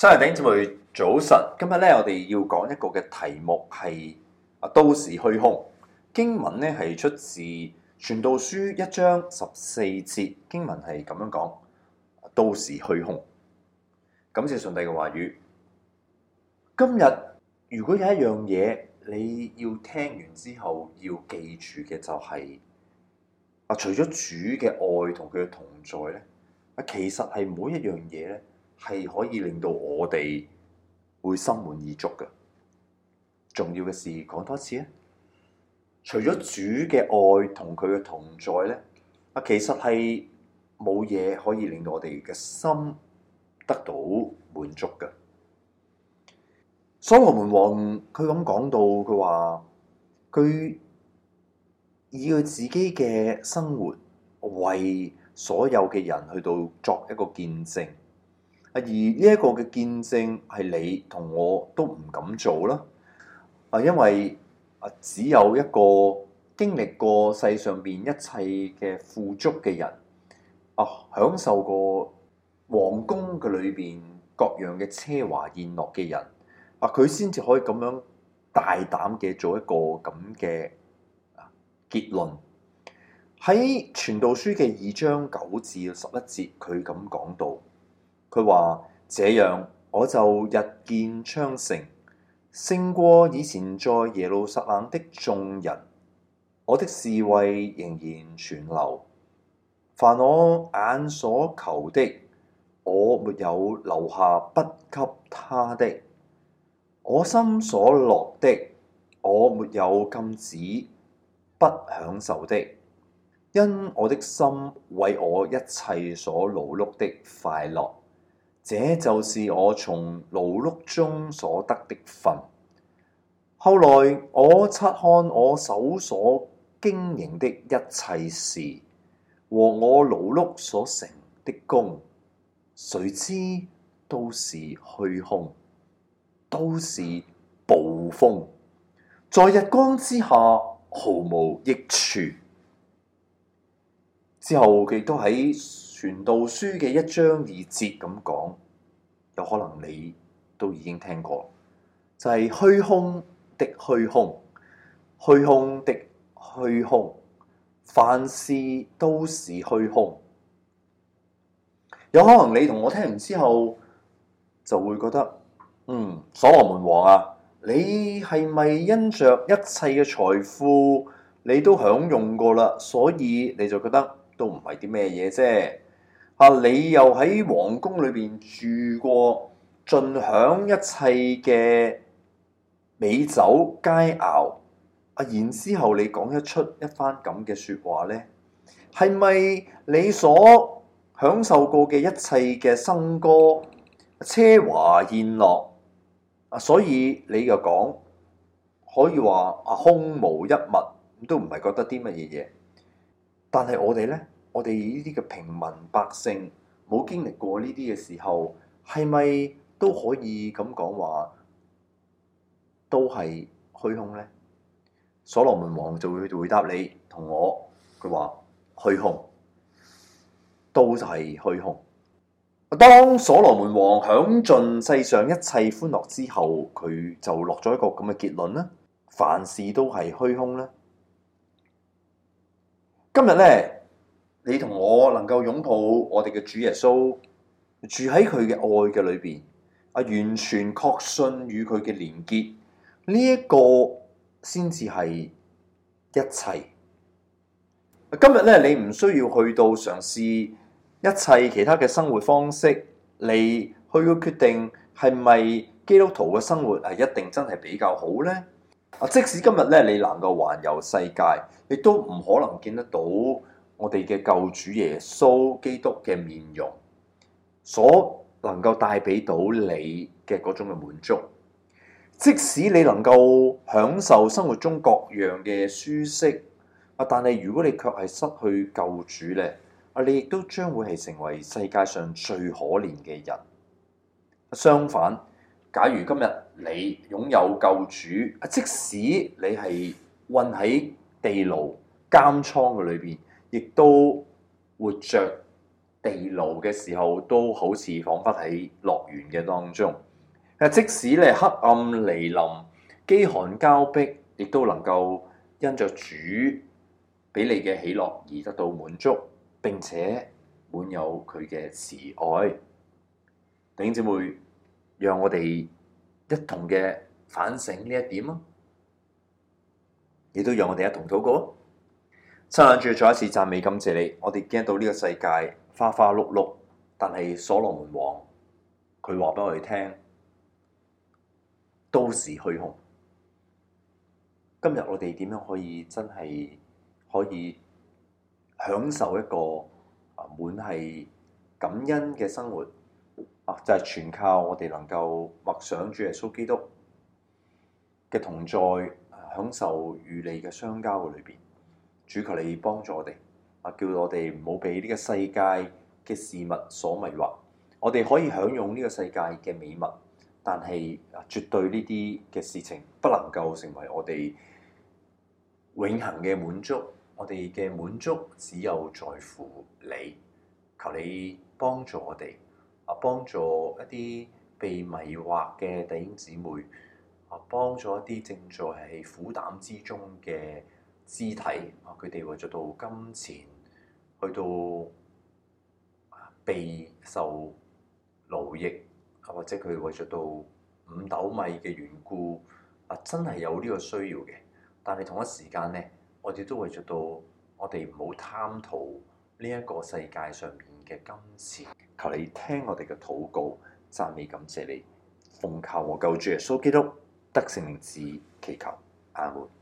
真係頂節，諸位早晨。今日咧，我哋要講一個嘅題目係啊，都是虛空經文咧，係出自傳道書一章十四節。經文係咁樣講，都是虛空。感謝上帝嘅話語。今日如果有一樣嘢你要聽完之後要記住嘅，就是，就係啊，除咗主嘅愛同佢嘅同在咧，啊，其實係每一樣嘢咧。係可以令到我哋會心滿意足嘅。重要嘅事講多次啊！除咗主嘅愛同佢嘅同在咧，啊，其實係冇嘢，可以令到我哋嘅心得到滿足嘅。所羅門王佢咁講到，佢話佢以佢自己嘅生活為所有嘅人去到作一個見證。而呢一個嘅見證係你同我都唔敢做啦，啊！因為啊，只有一個經歷過世上邊一切嘅富足嘅人，啊，享受過王宮嘅裏邊各樣嘅奢華宴樂嘅人，啊，佢先至可以咁樣大膽嘅做一個咁嘅結論。喺傳道書嘅二章九至十一節，佢咁講到：佢話：這樣我就日見昌盛，勝過以前在耶路撒冷的眾人。我的智慧仍然存留，凡我眼所求的，我沒有留下不給他的；我心所樂的，我沒有禁止不享受的。因我的心為我一切所勞碌的快樂。這就是我從勞碌中所得的分。後來我察看我手所經營的一切事，和我勞碌所成的功，誰知都是虛空，都是捕風，在日光之下毫無益處。之後佢都喺傳道書嘅一章二節咁講，有可能你都已經聽過，就係、是、虛空的虛空，虛空的虛空，凡事都是虛空。有可能你同我聽完之後就會覺得，嗯，所羅門王啊，你係咪因着一切嘅財富，你都享用過啦，所以你就覺得都唔係啲咩嘢啫。啊！你又喺皇宮裏邊住過，盡享一切嘅美酒佳肴。啊，然之後你講一出一番咁嘅説話咧，係咪你所享受過嘅一切嘅笙歌、奢華宴樂？啊，所以你又講可以話啊，空無一物，都唔係覺得啲乜嘢嘢。但係我哋咧。我哋呢啲嘅平民百姓冇經歷過呢啲嘅時候，係咪都可以咁講話？都係虛空呢。所羅門王就會回答你同我，佢話虛空，都係虛空。當所羅門王享盡世上一切歡樂之後，佢就落咗一個咁嘅結論啦：凡事都係虛空啦。今日咧。你同我能夠擁抱我哋嘅主耶穌，住喺佢嘅愛嘅裏邊，啊，完全確信與佢嘅連結，呢、這、一個先至係一切。今日咧，你唔需要去到嘗試一切其他嘅生活方式，你去到決定，係咪基督徒嘅生活係一定真係比較好咧？啊，即使今日咧，你能夠環遊世界，你都唔可能見得到。我哋嘅救主耶穌基督嘅面容，所能夠帶俾到你嘅嗰種嘅滿足，即使你能夠享受生活中各樣嘅舒適啊，但係如果你卻係失去救主咧啊，你亦都將會係成為世界上最可憐嘅人。相反，假如今日你擁有救主啊，即使你係困喺地牢監倉嘅裏邊。亦都活着地牢嘅時候，都好似彷彿喺樂園嘅當中。但即使你黑暗嚟臨、飢寒交迫，亦都能夠因着主俾你嘅喜樂而得到滿足，並且滿有佢嘅慈愛。弟兄姊妹，讓我哋一同嘅反省呢一點啊！亦都讓我哋一同禱告啊！親愛嘅主，再一次讚美，感謝你。我哋見到呢個世界花花碌碌，但係所羅門王佢話俾我哋聽，都是虛空。今日我哋點樣可以真係可以享受一個啊滿係感恩嘅生活啊？就係、是、全靠我哋能夠默想主耶穌基督嘅同在，享受與你嘅相交嘅裏邊。主求你幫助我哋，啊叫我哋唔好畀呢個世界嘅事物所迷惑。我哋可以享用呢個世界嘅美物，但係啊，絕對呢啲嘅事情不能夠成為我哋永恆嘅滿足。我哋嘅滿足只有在乎你。求你幫助我哋，啊幫助一啲被迷惑嘅弟兄姊妹，啊幫助一啲正在係苦膽之中嘅。肢體啊！佢哋為咗到金錢，去到備受奴役，或者佢哋為咗到五斗米嘅緣故啊，真係有呢個需要嘅。但係同一時間咧，我哋都為咗到我哋唔好貪圖呢一個世界上面嘅金錢。求你聽我哋嘅禱告，讚美感謝你，奉靠我救主耶穌基督得勝名字祈求阿門。